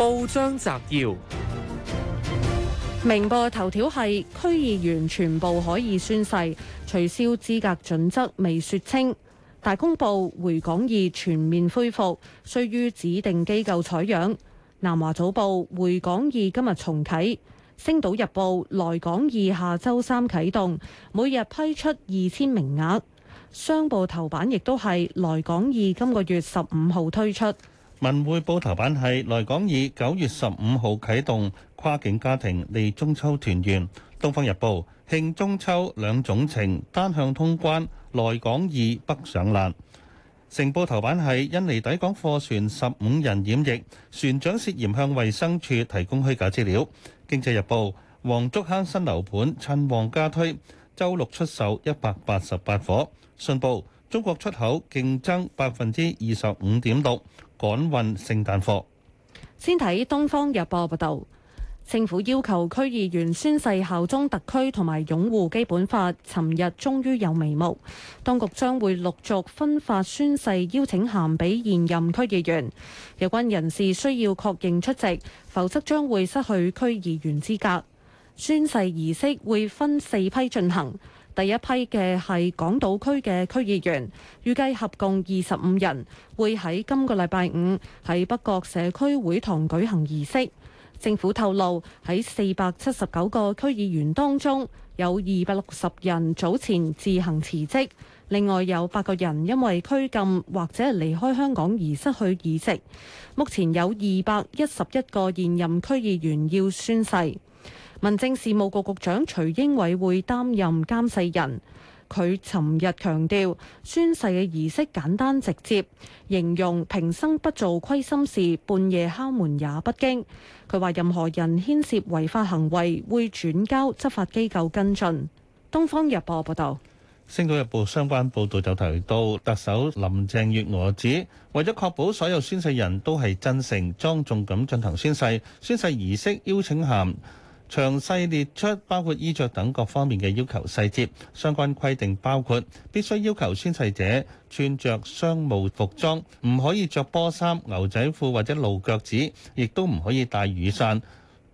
報章摘要：明報頭條係區議員全部可以宣誓，取消資格準則未說清。大公報回港易全面恢復，需於指定機構採樣。南華早報回港易今日重啟，星島日報來港易下周三啟動，每日批出二千名額。商報頭版亦都係來港易今個月十五號推出。文匯報頭版係來港易九月十五號啟動，跨境家庭利中秋團圓。《東方日報》慶中秋兩種情，單向通關來港易北上難。《成報》頭版係印尼抵港貨船十五人染疫，船長涉嫌向衛生署提供虛假資料。《經濟日報》黃竹坑新樓盤趁旺加推，週六出售一百八十八夥。《信報》中國出口競爭百分之二十五點六。趕運聖誕貨。先睇東方日報報道，政府要求區議員宣誓效忠特區同埋擁護基本法。尋日終於有眉目，當局將會陸續分發宣誓邀請函俾現任區議員。有關人士需要確認出席，否則將會失去區議員資格。宣誓儀式會分四批進行。第一批嘅係港島區嘅區議員，預計合共二十五人會喺今個禮拜五喺北角社區會堂舉行儀式。政府透露喺四百七十九個區議員當中，有二百六十人早前自行辭職，另外有八個人因為拘禁或者係離開香港而失去議席。目前有二百一十一個現任區議員要宣誓。民政事務局局長徐英偉會擔任監誓人，佢尋日強調宣誓嘅儀式簡單直接，形容平生不做虧心事，半夜敲門也不驚。佢話任何人牽涉違法行為，會轉交執法機構跟進。東方日報報道，星島日報相關報道就提到，特首林鄭月娥指為咗確保所有宣誓人都係真誠莊重咁進行宣誓，宣誓儀式邀請函。詳細列出包括衣着等各方面嘅要求細節，相關規定包括必須要求宣誓者穿著商務服裝，唔可以着波衫、牛仔褲或者露腳趾，亦都唔可以戴雨傘、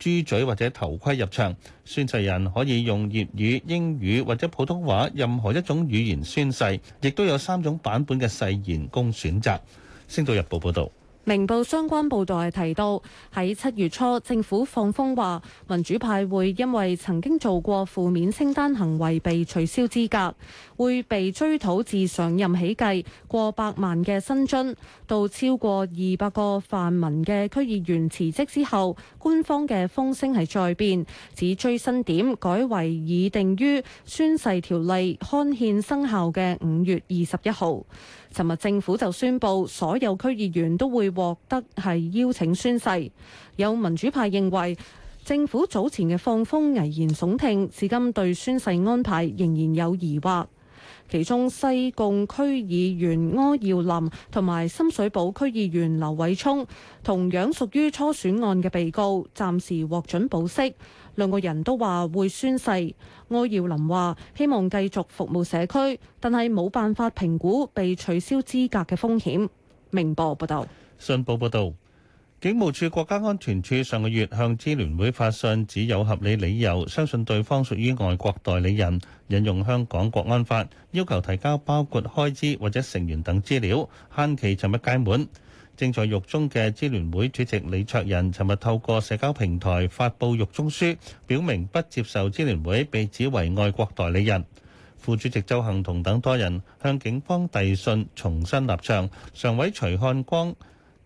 豬嘴或者頭盔入場。宣誓人可以用粵語、英語或者普通話任何一種語言宣誓，亦都有三種版本嘅誓言供選擇。星島日報報導。明報相關報導係提到，喺七月初政府放風話，民主派會因為曾經做過負面清單行為被取消資格，會被追討自上任起計過百萬嘅薪津。到超過二百個泛民嘅區議員辭職之後，官方嘅風聲係再變，指追薪點改為已定於宣誓條例刊憲生效嘅五月二十一號。尋日政府就宣布，所有區議員都會獲得係邀請宣誓。有民主派認為政府早前嘅放風危言聳聽，至今對宣誓安排仍然有疑惑。其中西貢區議員柯耀林同埋深水埗區議員劉偉聰，同樣屬於初選案嘅被告，暫時獲准保釋。兩個人都話會宣誓。柯耀林話希望繼續服務社區，但係冇辦法評估被取消資格嘅風險。明報報道。信報報道，警務處國家安全處上個月向支聯會發信，指有合理理由相信對方屬於外國代理人，引用香港國安法要求提交包括開支或者成員等資料。限期尋日屆滿，正在獄中嘅支聯會主席李卓人尋日透過社交平台發布獄中書，表明不接受支聯會被指為外國代理人。副主席鄒幸彤等多人向警方遞信，重申立場。常委徐漢光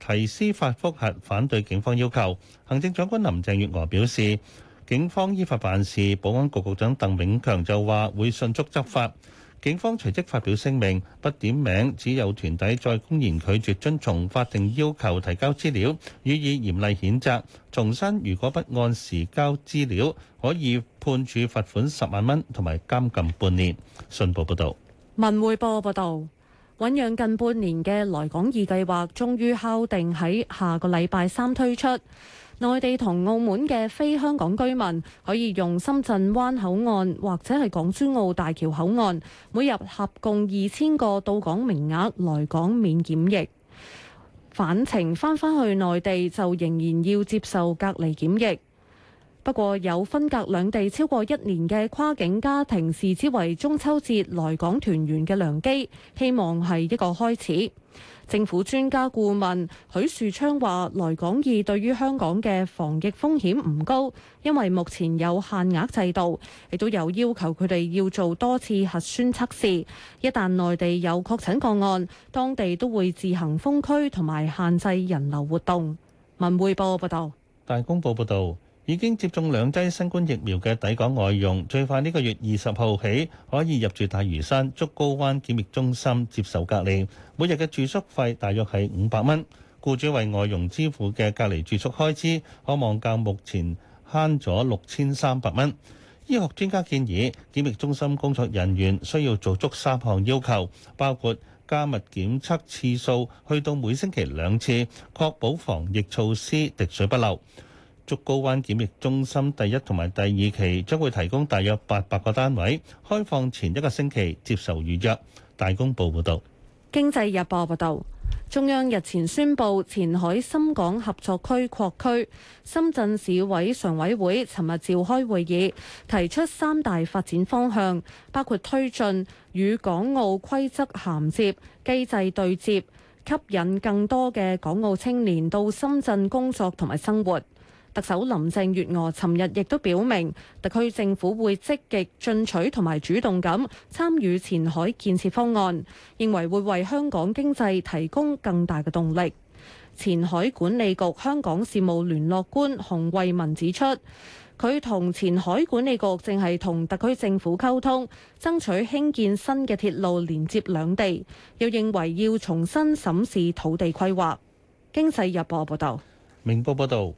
提司法覆核反對警方要求，行政長官林鄭月娥表示警方依法辦事，保安局局長鄧炳強就話會迅速執法。警方隨即發表聲明，不點名，只有團體再公然拒絕遵從法定要求提交資料，予以嚴厲譴責，重申如果不按時交資料，可以判處罰款十萬蚊同埋監禁半年。信報報道。文匯報報導。醞釀近半年嘅來港易計劃終於敲定喺下個禮拜三推出，內地同澳門嘅非香港居民可以用深圳灣口岸或者係港珠澳大橋口岸，每日合共二千個到港名額來港免檢疫，返程翻返去內地就仍然要接受隔離檢疫。不過，有分隔兩地超過一年嘅跨境家庭視之為中秋節來港團圓嘅良機，希望係一個開始。政府專家顧問許樹昌話，來港易對於香港嘅防疫風險唔高，因為目前有限額制度，亦都有要求佢哋要做多次核酸測試。一旦內地有確診個案，當地都會自行封區同埋限制人流活動。文匯報報道，大公報報道。已經接種兩劑新冠疫苗嘅抵港外傭，最快呢個月二十號起可以入住大嶼山竹篙灣檢疫中心接受隔離，每日嘅住宿費大約係五百蚊。僱主為外傭支付嘅隔離住宿開支，可望較目前慳咗六千三百蚊。醫學專家建議，檢疫中心工作人員需要做足三項要求，包括加密檢測次數，去到每星期兩次，確保防疫措施滴水不漏。竹篙灣檢疫中心第一同埋第二期將會提供大約八百個單位，開放前一個星期接受預約。大公報報道。《經濟日報》報道，中央日前宣布前海深港合作區擴區。深圳市委常委會尋日召開會議，提出三大發展方向，包括推進與港澳規則銜接、機制對接，吸引更多嘅港澳青年到深圳工作同埋生活。特首林鄭月娥尋日亦都表明，特區政府會積極進取同埋主動咁參與前海建設方案，認為會為香港經濟提供更大嘅動力。前海管理局香港事務聯絡官洪為民指出，佢同前海管理局正係同特區政府溝通，爭取興建新嘅鐵路連接兩地，又認為要重新審視土地規劃。經濟日報報道。明報報道。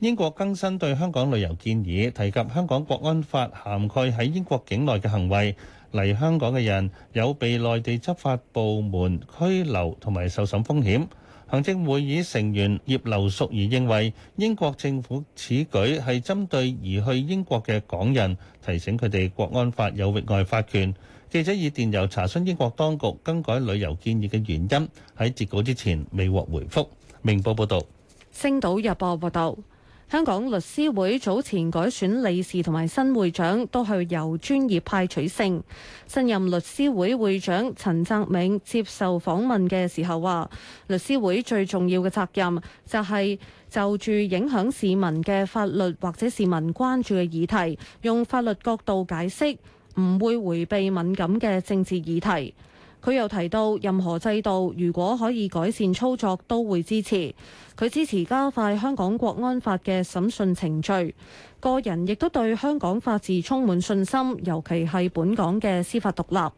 英國更新對香港旅遊建議，提及香港國安法涵蓋喺英國境內嘅行為，嚟香港嘅人有被內地執法部門拘留同埋受審風險。行政會議成員葉劉淑儀認為，英國政府此舉係針對移去英國嘅港人，提醒佢哋國安法有域外法權。記者以電郵查詢英國當局更改旅遊建議嘅原因，喺截稿之前未獲回覆。明報報道。星島日報報道。香港律師會早前改選理事同埋新會長，都係由專業派取勝。新任律師會會長陳澤銘接受訪問嘅時候話，律師會最重要嘅責任就係就住影響市民嘅法律或者市民關注嘅議題，用法律角度解釋，唔會迴避敏感嘅政治議題。佢又提到，任何制度如果可以改善操作，都會支持。佢支持加快香港國安法嘅審訊程序。個人亦都對香港法治充滿信心，尤其係本港嘅司法獨立。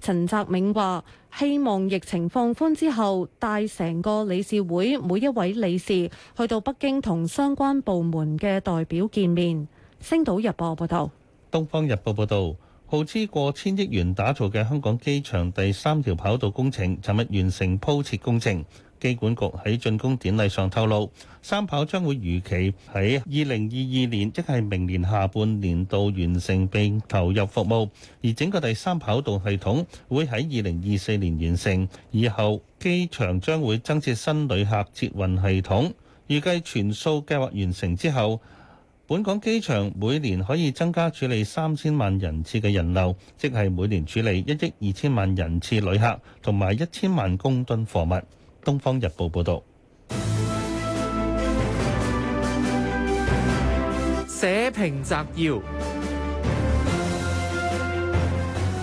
陳澤銘話，希望疫情放寬之後，帶成個理事會每一位理事去到北京同相關部門嘅代表見面。星島日報報道。東方日報報導。耗資過千億元打造嘅香港機場第三條跑道工程，尋日完成鋪設工程。機管局喺竣工典禮上透露，三跑將會如期喺二零二二年，即係明年下半年度完成並投入服務。而整個第三跑道系統會喺二零二四年完成，以後機場將會增設新旅客捷運系統。預計全數計劃完成之後，本港機場每年可以增加處理三千萬人次嘅人流，即係每年處理一億二千萬人次旅客同埋一千萬公噸貨物。《東方日報》報導。社評摘要：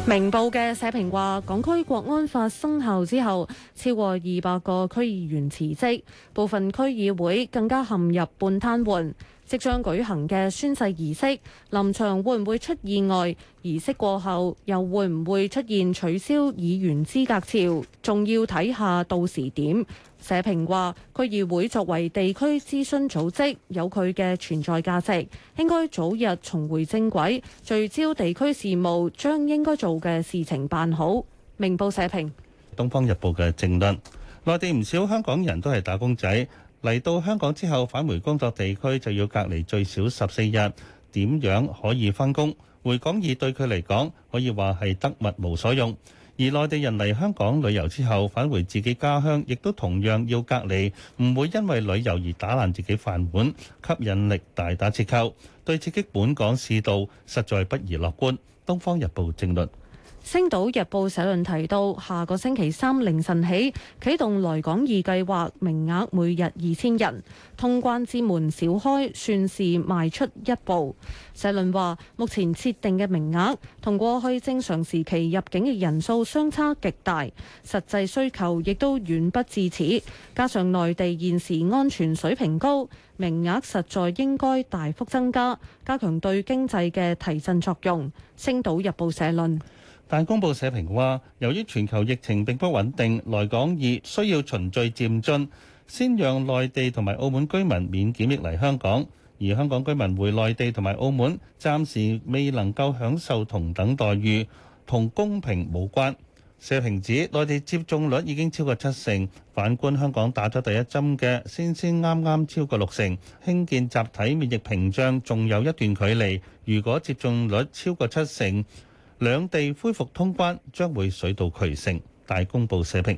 明報嘅社評話，港區國安法生效之後，超過二百個區議員辭職，部分區議會更加陷入半癱瘓。即將舉行嘅宣誓儀式，臨場會唔會出意外？儀式過後又會唔會出現取消議員資格潮？仲要睇下到時點。社評話，區議會作為地區諮詢組織，有佢嘅存在價值，應該早日重回正軌，聚焦地區事務，將應該做嘅事情辦好。明報社評，《東方日報》嘅政論，內地唔少香港人都係打工仔。嚟到香港之後，返回工作地區就要隔離最少十四日。點樣可以返工？回港易對佢嚟講，可以話係得物無所用。而內地人嚟香港旅遊之後，返回自己家鄉，亦都同樣要隔離，唔會因為旅遊而打爛自己飯碗，吸引力大打折扣，對刺激本港市道，實在不宜樂觀。《東方日報》政論。《星島日報》社論提到，下個星期三凌晨起啟動來港易計劃，名額每日二千人，通關之門少開算是邁出一步。社論話，目前設定嘅名額同過去正常時期入境嘅人數相差極大，實際需求亦都遠不至此。加上內地現時安全水平高，名額實在應該大幅增加，加強對經濟嘅提振作用。《星島日報》社論。但公報社評話，由於全球疫情並不穩定，來港已需要循序漸進，先讓內地同埋澳門居民免檢疫嚟香港，而香港居民回內地同埋澳門，暫時未能夠享受同等待遇，同公平無關。社評指，內地接種率已經超過七成，反觀香港打咗第一針嘅，先先啱啱超過六成，興建集體免疫屏障仲有一段距離。如果接種率超過七成，兩地恢復通關將會水到渠成，大公報社評。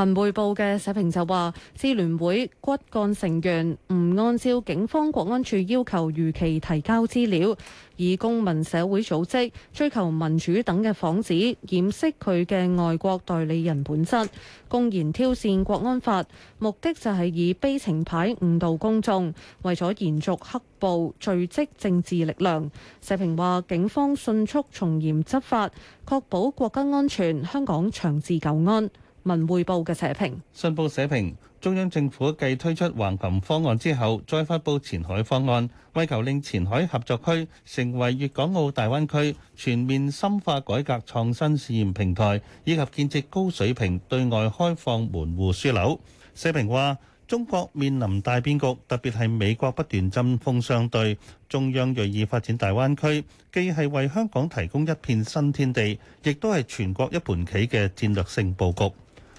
文匯報嘅社評就話，支聯會骨幹成員唔按照警方國安處要求如期提交資料，以公民社會組織追求民主等嘅幌子掩飾佢嘅外國代理人本質，公然挑戰國安法，目的就係以悲情牌誤導公眾，為咗延續黑暴、聚集政治力量。社評話，警方迅速從嚴執法，確保國家安全，香港長治久安。文匯報嘅社評，信報社評，中央政府繼推出橫琴方案之後，再發布前海方案，為求令前海合作區成為粵港澳大灣區全面深化改革創新試驗平台，以及建設高水平對外開放門戶樞紐。社評話：中國面臨大變局，特別係美國不斷針鋒相對，中央鋭意發展大灣區，既係為香港提供一片新天地，亦都係全國一盤棋嘅戰略性佈局。